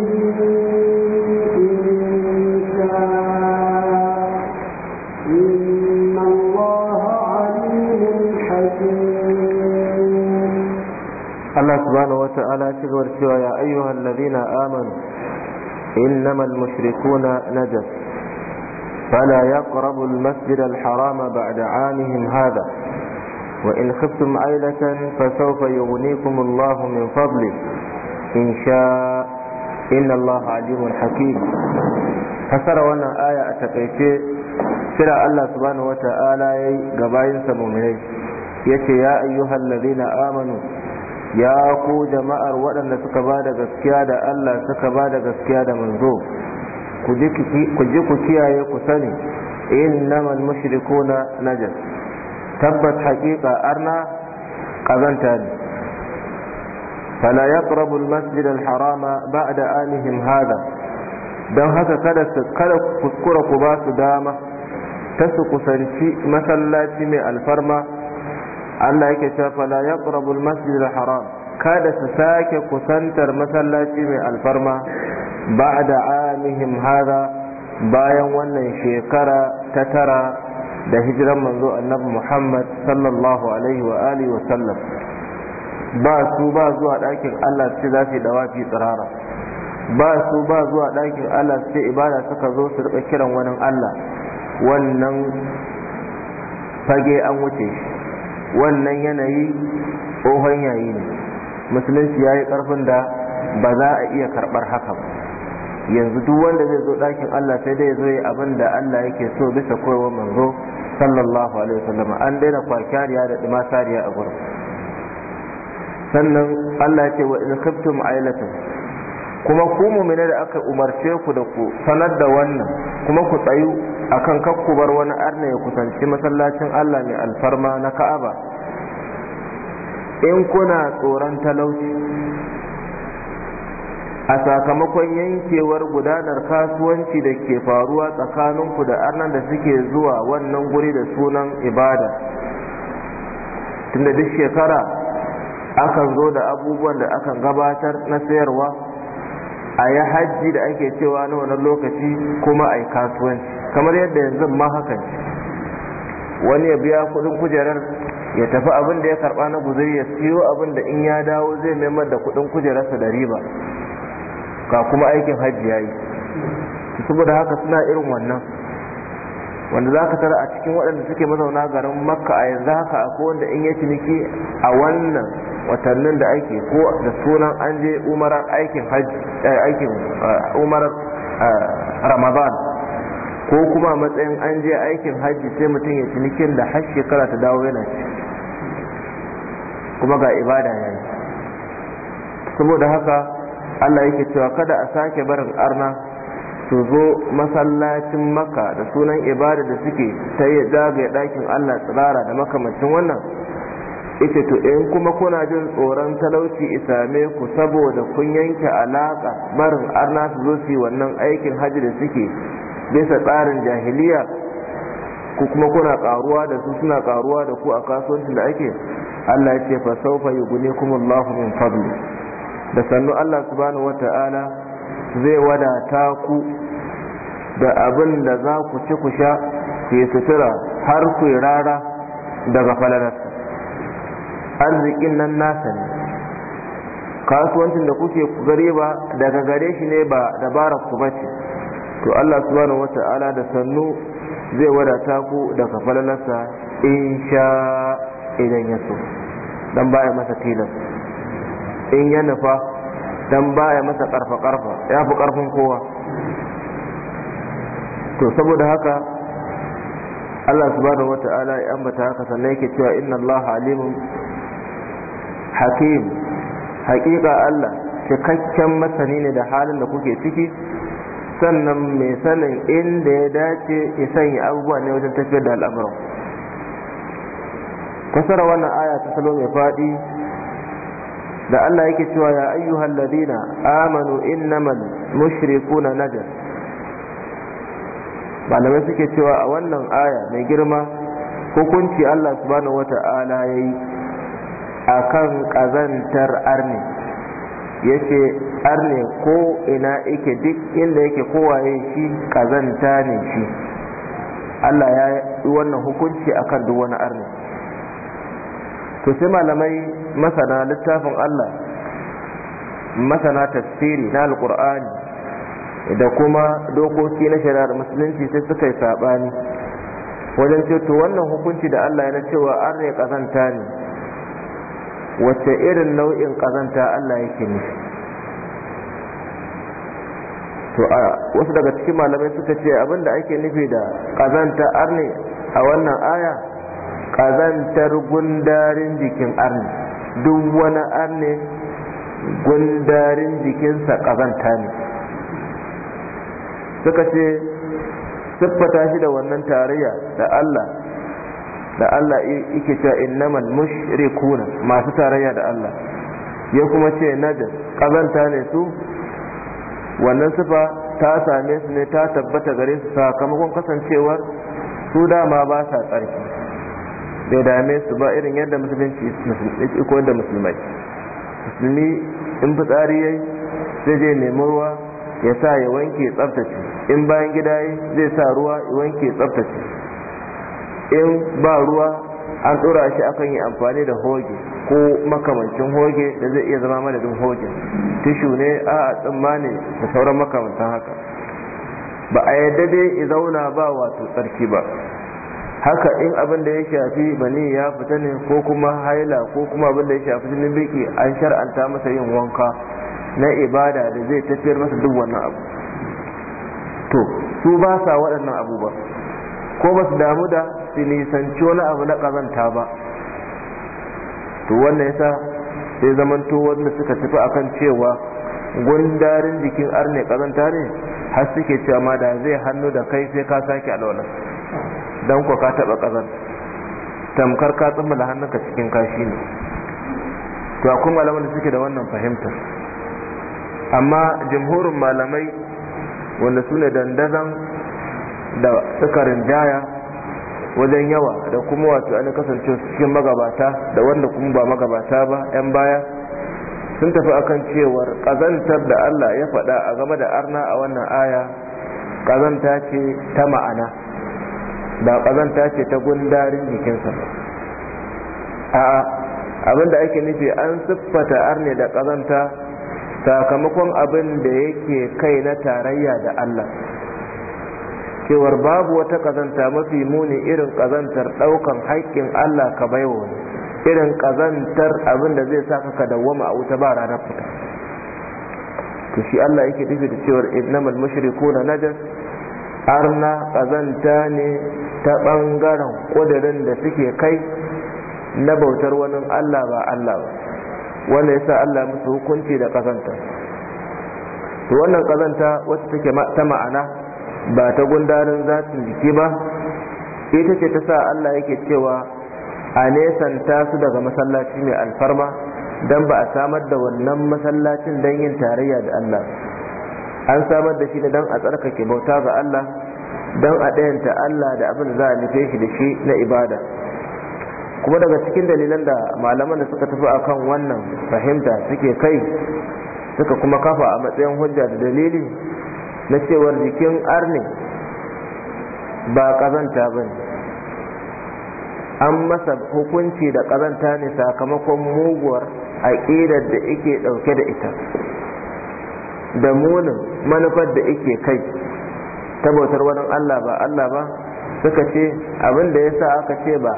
إن إن الله عليم حكيم الله سبحانه وتعالى تقول يا أيها الذين آمنوا إنما المشركون نجس فلا يقربوا المسجد الحرام بعد عامهم هذا وإن خفتم عيلة فسوف يغنيكم الله من فضله إن شاء إن الله عليم حكيم فسر وانا آية أتقيتي سرى الله سبحانه وتعالى قبائل سمومي يتي يا أيها الذين آمنوا يا ku jama'ar waɗanda suka ba da gaskiya da Allah suka ba da gaskiya da manzo ku ji ku kiyaye ku sani innamal na najas tabbas haƙiƙa arna ƙazanta ne fala yaqrabu al-masjid al-harama ba'da anihim hada don haka kada kada kuskura ku ba su dama ta su kusanci masallaci mai alfarma Allah yake cewa fala yaqrabu al-masjid al-haram kada su sake kusantar masallaci mai alfarma بعد عامهم hada bayan wannan shekara ta tara da hijiran manzo annabi Muhammad sallallahu alaihi wa alihi wa sallam ba su ba zuwa ɗakin Allah su za su yi dawafi tsirara ba su ba zuwa ɗakin Allah su ibada suka zo su rika kiran wannan Allah wannan fage an wuce wannan yanayi tsohon yayi ne musulunci ya yi ƙarfin da ba za a iya karɓar haka ba yanzu duk wanda zai zo dakin Allah sai dai zo yi abin da Allah yake so bisa koyarwar manzo sallallahu alaihi wasallam an daina kwakiyariya da dimasariya a gurin sannan Allah ce wa in khiftum ailatan kuma ku mu'mina da aka umarce ku da ku sanar da wannan kuma ku tsayu akan kakku bar wani arna ya kusanci masallacin Allah mai alfarma na Ka'aba in kuna tsoron talauci a sakamakon yankewar gudanar kasuwanci da ke faruwa tsakaninku da arnan da suke zuwa wannan guri da sunan ibada tunda duk shekara akan zo da abubuwan da akan gabatar na sayarwa a yi hajji da ake cewa na wannan lokaci kuma a yi kasuwanci kamar yadda yanzu ma hakan wani ya biya kudin kujerar ya tafi abin da ya karba na guzuri ya siyo abin da in ya dawo zai maimar da kudin kujerarsa da riba ga kuma aikin hajji ya yi saboda haka suna irin wannan wanda za ka tara a cikin waɗanda suke mazauna garin makka a yanzu haka akwai wanda in ya ciniki a wannan watannin da ake ko da sunan an je umarar aikin hajji eh, aikin eh, umarar eh, ramadan ko kuma matsayin an je aikin hajji sai mutum ya cinikin da har shekara ta dawo yana ci kuma ga ibada yayi saboda haka Allah yake cewa kada a sake barin arna su zo masallacin maka da sunan ibada da suke ta yi zagaya ɗakin Allah tsirara da makamancin wannan ita to in kuma kuna jin tsoron talauci isame ku saboda kun yanke alaƙa barin arna su zo su wannan aikin hajji da suke bisa tsarin jahiliya ku kuma kuna karuwa da su suna karuwa da ku a kasuwancin da ake Allah ya ce fa sawfa yughnikumullahu min fadli da sannu Allah subhanahu ta'ala zai wadata ku da abin da za ku ci ku sha ke sutura har ku yi rara daga falalarsa arzikin nan nasa ne kasuwancin da kuke gare ba daga gare shi ne ba dabara ku bace to Allah subhanahu ta'ala da sannu zai wadata ku daga falalarsa in sha idan ya so dan baya masa tilasta in ya nufa dan baya masa karfa karfa ya fi karfin kowa to saboda haka Allah subhanahu wata'ala ya ambata haka sannan yake cewa inna Allah alimun hakim haƙiƙa Allah cikakken masani ne da halin da kuke ciki sannan mai sanin inda ya dace ya sanya abubuwa ne wajen tafiyar da al'amuran fasara wannan aya ta salo mai faɗi da Allah yake cewa ya ayyuhal ladina amanu innamal mushrikuna najas malamai suke cewa a wannan aya mai girma hukunci Allah subhanahu wata'ala yayi akan kazantar arne yace arne ko ina yake duk inda yake kowaye shi kazanta ne shi Allah ya yi wannan hukunci akan duk wani arne to sai malamai masana littafin Allah masana tafsiri na alkur'ani da kuma dokoki na shari'ar musulunci sai suka yi saɓani wajen ce to wannan hukunci da Allah ya cewa an rai kazanta ne wacce irin nau'in kazanta Allah yake ne? to a wasu daga cikin malamai suka ce abinda ake nufi da kazanta arne a wannan aya ƙazantar gundarin jikin arni duk wani arni gundarin jikinsa kazanta ne suka ce siffata shi da wannan tarayya da Allah da Allah yake cewa innamal mushrikuna masu tarayya da Allah ya kuma ce nada kazanta ne su wannan sifa ta same su ne ta tabbata gare su sakamakon kasancewar su dama ba sa tsarki bai dame su ba irin yadda musulunci musulunci ko da musulmai musulmi in fitsari yayi zai je nemi ruwa ya sa ya wanke tsaftace in bayan gida yayi zai sa ruwa ya wanke tsaftace in ba ruwa an tsora shi akan yi amfani da hoge ko makamancin hoge da zai iya zama madadin hoge tishu ne a tsimma ne da sauran makamantan haka ba a yadda dai zauna ba wato tsarki ba haka in abin da ya shafi bani ya fita ne ko kuma haila ko kuma abin da ya shafi jini biki an shar'anta masa yin wanka na ibada da zai tafiyar masa duk wannan abu to su ba sa waɗannan abu ba ko ba su damu da su nisanci wani abu na ƙazanta ba to wannan yasa sai zamanto wanda suka tafi akan cewa gundarin jikin arne ƙazanta ne har suke cewa ma da zai hannu da kai sai ka sake alwala Dan ko ka taɓa kazan tamkar ka da hannunka cikin kashi ne to akwai malaman da suke da wannan fahimtar amma jamhurin malamai wanda su ne dandazan da suka rinjaya wajen yawa da kuma wato an kasance cikin magabata da wanda kuma ba magabata ba 'yan baya sun tafi akan cewar ƙazantar da Allah ya faɗa a game da arna a wannan aya ƙazanta ce ta ma'ana ba ƙazanta ce ta gundarin jikinsa ba a da ake nufi an siffata arne da ƙazanta sakamakon abin da yake kai na tarayya da Allah cewar babu wata ƙazanta mafi muni irin ƙazantar ɗaukan haƙƙin Allah ka baiwa wani irin ƙazantar abin da zai sa ka dawwama a wuta ba ranar fita to shi Allah yake nufi da cewar innamal na najas arna ƙazanta ne ta ɓangaren ƙudurin da suke kai na bautar wani Allah ba Allah ba wanda sa Allah musu hukunci da ƙazanta, to wannan kazanta wacce take ta ma'ana ba ta gundarin zatin jiki ba ita ce ta sa Allah yake cewa a nesanta su daga masallaci mai alfarma don ba a samar da wannan masallacin don yin tarayya da Allah an samar da shi ne don a tsarkake bauta ga Allah don a ɗayanta Allah da abin da za a nufe shi da shi na ibada kuma daga cikin dalilan da malaman da suka tafi a kan wannan fahimta suke kai suka kuma kafa a matsayin hujja da dalili na cewar jikin arne ba ƙazanta ba ne an masa hukunci da kazanta ne sakamakon muguwar aƙidar da ike ɗauke da ita da munin manufar da ike kai ta bautar wani Allah ba Allah ba suka ce abin da yasa aka ce ba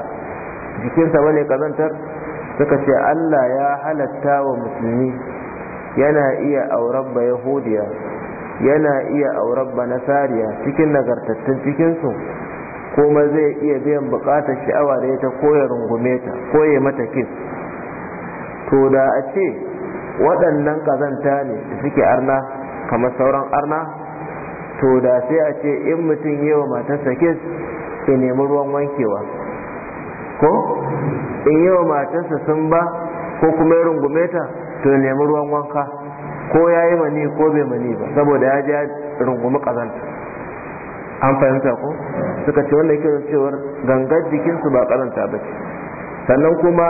jikinsa bane kazantar suka ce Allah ya halatta wa musulmi yana iya auren ba yahudiya yana iya auren ba nasariya cikin nagartattun cikinsu kuma zai iya biyan bukatar sha'awa da ita ta koya rungume ta ko mata kis to da a ce waɗannan ƙazanta ne da suke arna kamar sauran arna to da sai a ce in mutum yi wa matarsa kis ya nemi ruwan wankewa ko in yi wa matarsa sun ba ko kuma ya rungume ta to ya nemi ruwan wanka ko ya yi mani ko bai mani ba saboda ya ja rungumi kazanta an fahimta ko suka ce wanda yake cewar gangar jikinsu ba kazanta ba ce sannan kuma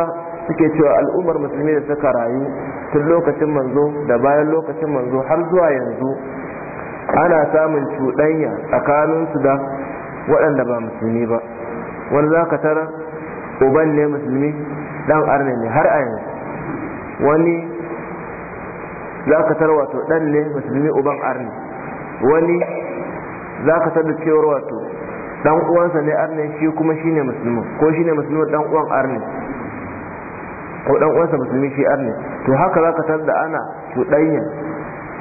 suke cewa al'ummar musulmi da suka rayu tun lokacin manzo da bayan lokacin manzo har zuwa yanzu ana samun cuɗanya tsakaninsu da waɗanda ba musulmi ba wani za ka tara uban ne musulmi ɗan arne ne har a yanzu wani za ka tara wato ɗan ne musulmi uban arne wani za ka tara cewar wato ɗan uwansa ne arne shi kuma shi ne musulmi ko shi ne musulmi ɗan uwan arne ko ɗan uwansa musulmi shi arne to haka za ka tara da ana cuɗanya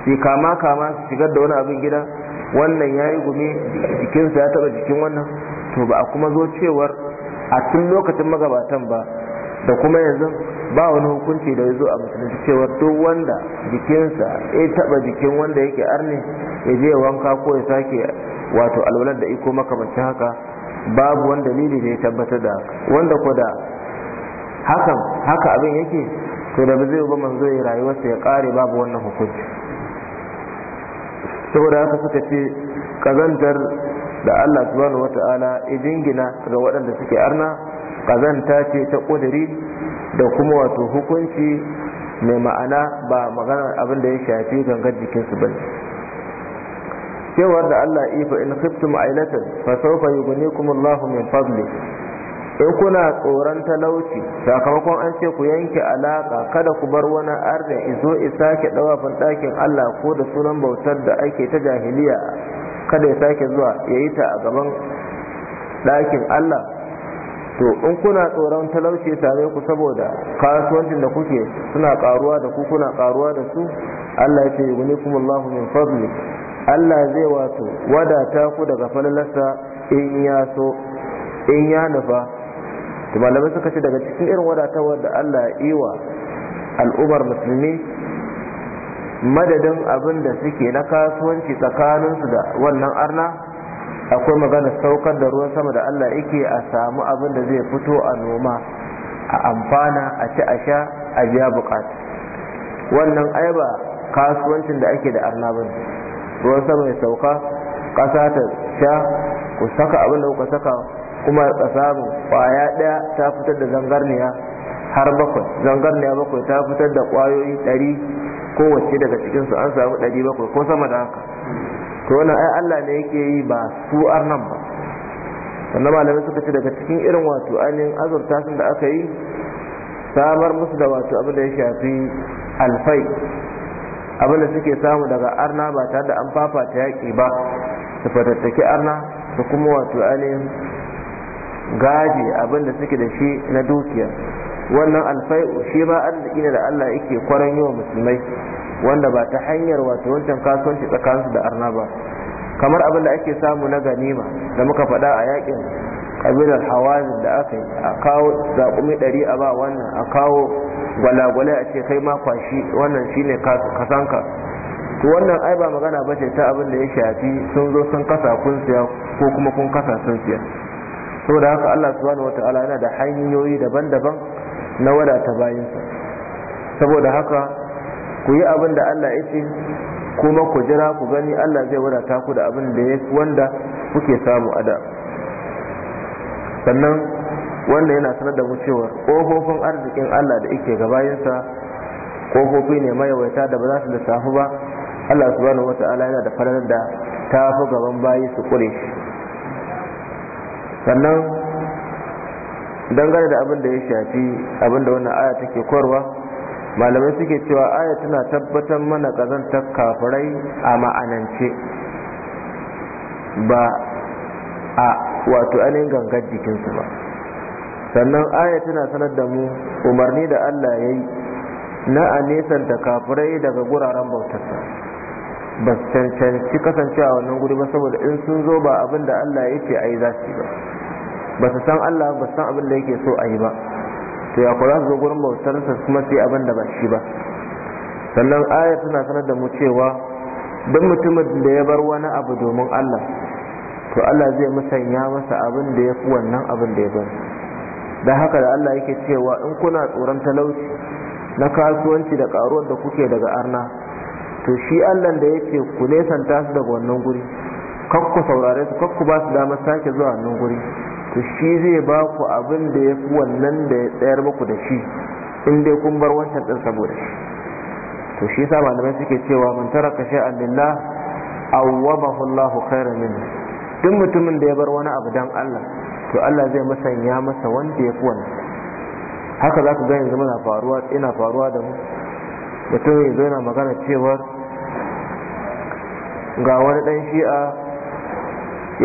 sai kama kama su shigar da wani abin gida wannan ya yi gumi jikinsa ya taba jikin wannan to ba a kuma zo cewar a tun lokacin magabatan ba da kuma yanzu ba wani hukunci da ya zo a musulunci cewar duk wanda jikinsa ya taba jikin wanda yake arne ya je wanka ko ya sake wato alwalar da iko makamancin haka babu wani dalili da ya tabbatar da wanda ko da hakan haka abin yake to da ba zai ba manzo ya rayuwarsa ya kare babu wannan hukunci saboda haka suka ce kazantar da Allah subhanahu wata'ala ya jingina ga waɗanda suke arna kazanta ce ta ƙudiri da kuma wato hukunci mai ma'ana ba maganar abin da ya shafi gangar jikinsu ba cewar da Allah ifa in khiftum ailatan fa sawfa yughnikum Allahu min fadli in kuna tsoron talauci sakamakon an ce ku yanke alaka kada ku bar wani arzin izo isa ke dawafin ɗakin Allah ko da sunan bautar da ake ta jahiliya kada ya sake zuwa ya yi ta a gaban ɗakin Allah to in kuna tsoron talauci tare ku saboda kasuwancin da kuke suna karuwa da ku kuna karuwa da su Allah ya ce Allah min fadli Allah zai wato wadata ku daga falalarsa in ya so in ya nufa to malamai suka ce daga cikin irin wadatawar da Allah ya wa al'ummar musulmi madadin abin da suke na kasuwanci tsakaninsu da wannan arna akwai magana saukar da ruwan sama da Allah yake a samu abin da zai fito a noma a amfana a ci a sha a biya bukatu wannan ai ba kasuwancin da ake da arna ba ruwan sama ya sauka ƙasa ta sha ku saka abin da kuka saka kuma a samu kwaya ɗaya ta fitar da zangarniya har bakwai zangarniya bakwai ta fitar da kwayoyi ɗari kowace daga cikinsu an samu ɗari bakwai ko sama da haka to wannan ai Allah ne yake yi ba su nan ba wannan malamai suka ce daga cikin irin wato ainihin azurta sun da aka yi samar musu da wato abin da ya shafi alfai abin da suke samu daga arna ba tare da an fafata yaƙi ba su fatattaki arna da kuma wato ainihin gaje abin da suke da shi na dukiya wannan alfai'u shi ba arziki ne da Allah yake kwaran wa musulmai wanda ba ta hanyar wato wancan kasuwanci tsakaninsu da arna ba kamar abin da ake samu na ganima da muka faɗa a yakin kabilar hawazin da aka yi a kawo zaƙumi ɗari a ba wannan a kawo gwalagwale a ce kai ma kwashi wannan shine kasanka to wannan ai ba magana ba ce ta abin da ya shafi sun zo sun kasa kun siya ko kuma kun kasa sun siya saboda haka Allah subhanahu wataala yana da hanyoyi daban-daban na wadata bayansa saboda haka ku yi abin da Allah ya ce kuma ku jira ku gani Allah zai wadata ku da abin da ya wanda kuke samu a da sannan wanda yana sanar da mu cewa ƙofofin arzikin Allah da ga gabayinsa ƙofofi ne mayawaita da ba za su safu ba Allah subhanahu wata'ala yana da farar da ta gaban bayi su kure shi sannan dangane da abin da ya shafi abin da wannan aya take korwa malamai suke cewa aya tana tabbatar mana kazantar kafirai a ma'anance ba a wato ainihin gangar jikinsu ba sannan aya tana sanar da mu umarni da allah ya yi na a nesanta kafirai daga guraren bautarsa ba su cancanci kasancewa a wannan guri ba saboda in sun zo ba abin da Allah yake ce a yi za su yi ba ba su san Allah ba su san abin da yake so a yi ba to ya ku su zo gurin sa kuma sai abin da ba shi ba sannan ayar tana sanar da mu cewa duk mutumin da ya bar wani abu domin Allah to Allah zai musanya masa abin da ya fi wannan abin da ya bar da haka da Allah yake cewa in kuna tsoron talauci na kasuwanci da karuwar da kuke daga arna to shi allan da yake ku nesanta su daga wannan guri kakku saurare su kakku ba su damar sake zuwa wannan guri to shi zai ba ku abin da ya fi wannan da ya tsayar muku da shi in dai kun bar wancan din saboda shi to shi yasa malamai suke cewa man taraka shay'an lillah awwabahu Allahu khairan min duk mutumin da ya bar wani abu dan Allah to Allah zai masanya masa wanda ya fi wannan haka za ku ga yanzu muna faruwa ina faruwa da mu mutum ya zo yana magana cewar ga wani ɗan shi'a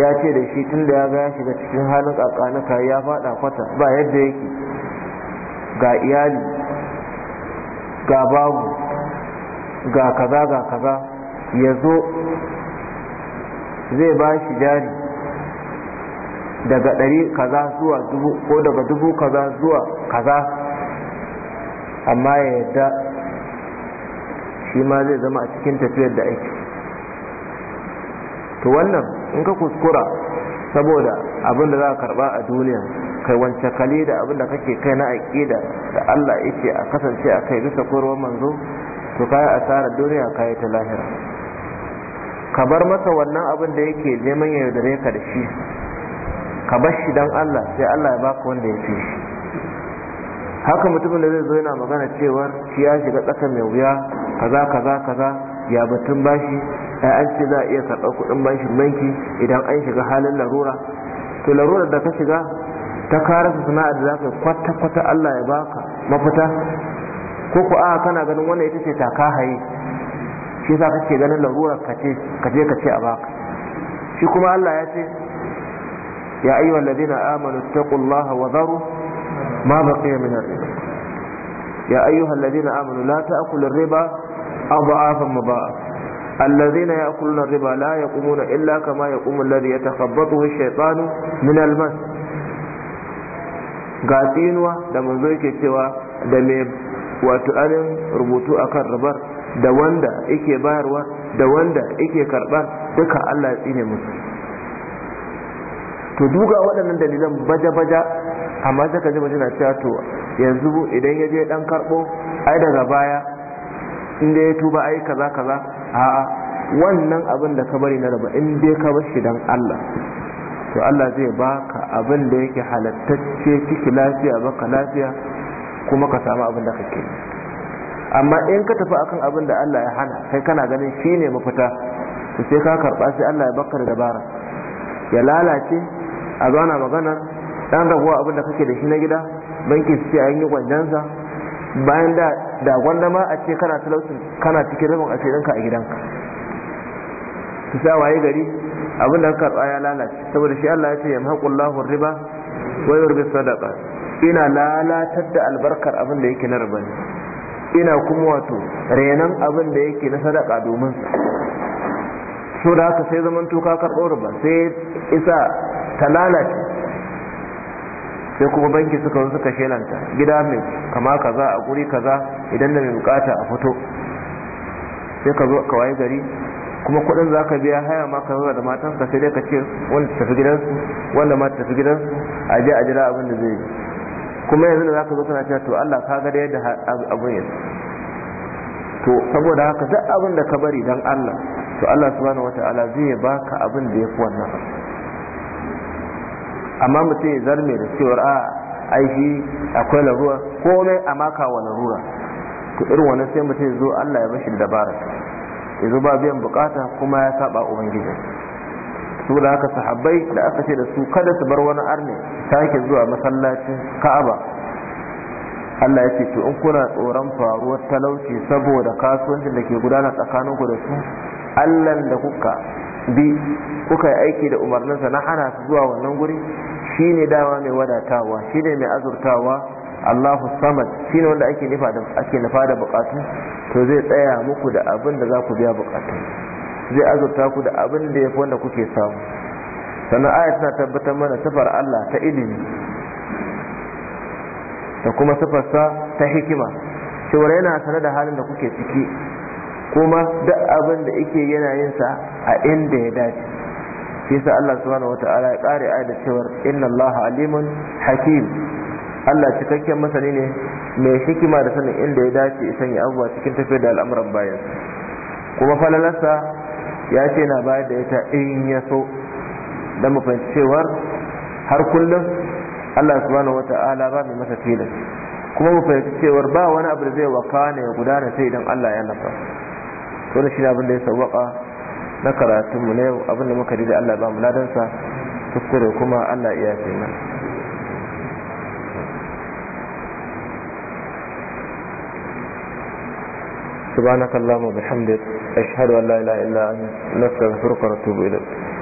ya ce da shi tun da ya ga ya shiga cikin halin ƙaƙanuka ya faɗa kwata ba yadda yake ga iyali ga babu ga kaza ga kaza ya zo zai ba shi jari daga ɗari kaza zuwa dubu ko daga dubu kaza zuwa kaza amma ya yadda shi ma zai zama a cikin tafiyar da aiki to wannan in ka kuskura saboda abin da za ka karba a duniya kai wance kale da abin da kake kai na aƙida da Allah yake a kasance a kai bisa korwar manzo to kai asarar duniya kai ta lahira ka bar masa wannan abin da yake neman ya yaudare ka da shi ka bar shi dan Allah sai Allah ya baka wanda ya fi shi haka mutumin da zai zo yana magana cewar shi ya shiga tsaka mai wuya kaza kaza kaza ya batun bashi ai an ce za a iya karɓar kuɗin bashin banki idan an shiga halin larura to larura da ka shiga ta kare su sana'ar da za ka kwata kwata Allah ya baka mafita ko ku a kana ganin wannan ita ce taka haye shi yasa kake ganin larura ka ce ka ce a baka shi kuma Allah ya ce ya ayyuhal ladina amanu taqullaha wa dharu ma baqiya min ar-riba ya ayyuhal ladina amanu la ta'kulu ar-riba أضعافا مضاعفا الذين يأكلون الربا لا يقومون إلا كما يقوم الذي يتخبطه الشيطان من المس قاتينوا لمن ذلك سوى دميب وتؤلم ربوتو أكربر دواندا إكي wanda دواندا إكي كربر دكا yake karɓar مسلم to duga waɗannan dalilan baja-baja amma zaka ji mutum na cewa to yanzu idan ya je ɗan karɓo ai daga baya in da ya tuba ai kaza kaza a'a wannan abin da ka bari na raba in dai ka bar shi dan Allah to Allah zai baka abin da yake halattacce ciki lafiya baka lafiya kuma ka samu abin da kake amma in ka tafi akan abin da Allah ya hana kai kana ganin shine mafita to sai ka karba sai Allah ya baka da dabara ya lalace a zauna magana dan rabuwa abin da kake da shi na gida banki sai an yi gwanjansa bayan da da gwanda ma a ce kana talaucin kana cikin rabin asirinka a gidanka su sa waye gari abin da karɓa ya lalace saboda shi Allah ya ce ya mahaƙun lahun riba wai yurbi sadaka ina lalatar da albarkar abin da yake na riba ina kuma wato renan abin da yake na sadaka domin so da haka sai zaman tuka karɓo riba sai isa ta lalace sai kuma banki suka zo suka shelanta gida mai kama kaza a guri kaza idan da mai bukata a fito sai ka zo ka waye gari kuma kudin za ka biya haya ma ka zauna da matan ka sai dai ka ce wanda tafi gidansu wanda ma tafi gidansu a je a jira abin da zai yi kuma yanzu da za ka zo kana cewa to Allah ka ga da yadda abin yanzu to saboda haka duk abin da ka bari dan Allah to Allah subhanahu wataala zai baka abin da yafi wannan amma mutum ya zarme da cewar a ah, aiki akwai larura komai a maka wa larura to irin wani sai mutum ya zo Allah ya bashi dabara ya zo ba biyan bukata kuma ya saba ubangiji su da haka sahabbai da aka ce da su kada su bar wani arne sake zuwa masallacin ka'aba Allah ya ce to in kuna tsoron faruwar talauci saboda kasuwancin da ke gudana tsakaninku da su Allah da kuka bi kuka yi aiki da umarninsa na hana su zuwa wannan guri shi ne dawa mai wadatawa shi ne mai azurtawa allahu samad shi ne wanda ake nufa da bukatu to zai tsaya muku da abin da za ku biya bukatu zai azurta ku da abin da ya fi wanda kuke samu sannan aya tana tabbatar mana sifar allah ta ilimi da kuma sifarsa ta hikima cewar yana sanar da halin da kuke ciki kuma duk abin da yake yana yin sa a inda ya dace shi sa Allah subhanahu wataala ya kare ayi da cewa inna Allah alimun hakim Allah cikakken masani ne mai hikima da sanin inda ya dace ya sanya abubuwa cikin tafiyar da al'amuran bayan kuma falalarsa ya ce na bayar da ita in ya so da mu fahimci cewar har kullum Allah subhanahu wataala ba mai masa tilas kuma mu fahimci cewar ba wani abu da zai wakana ya gudana sai idan Allah ya nafa wani shi abin da ya sawwaka na karatunmu na yau abin da muka da Allah ba mu ladansa kuskure kuma Allah iya fi mana سبحانك اللهم وبحمدك أشهد أن لا إله إلا أنت نستغفرك ونتوب إليك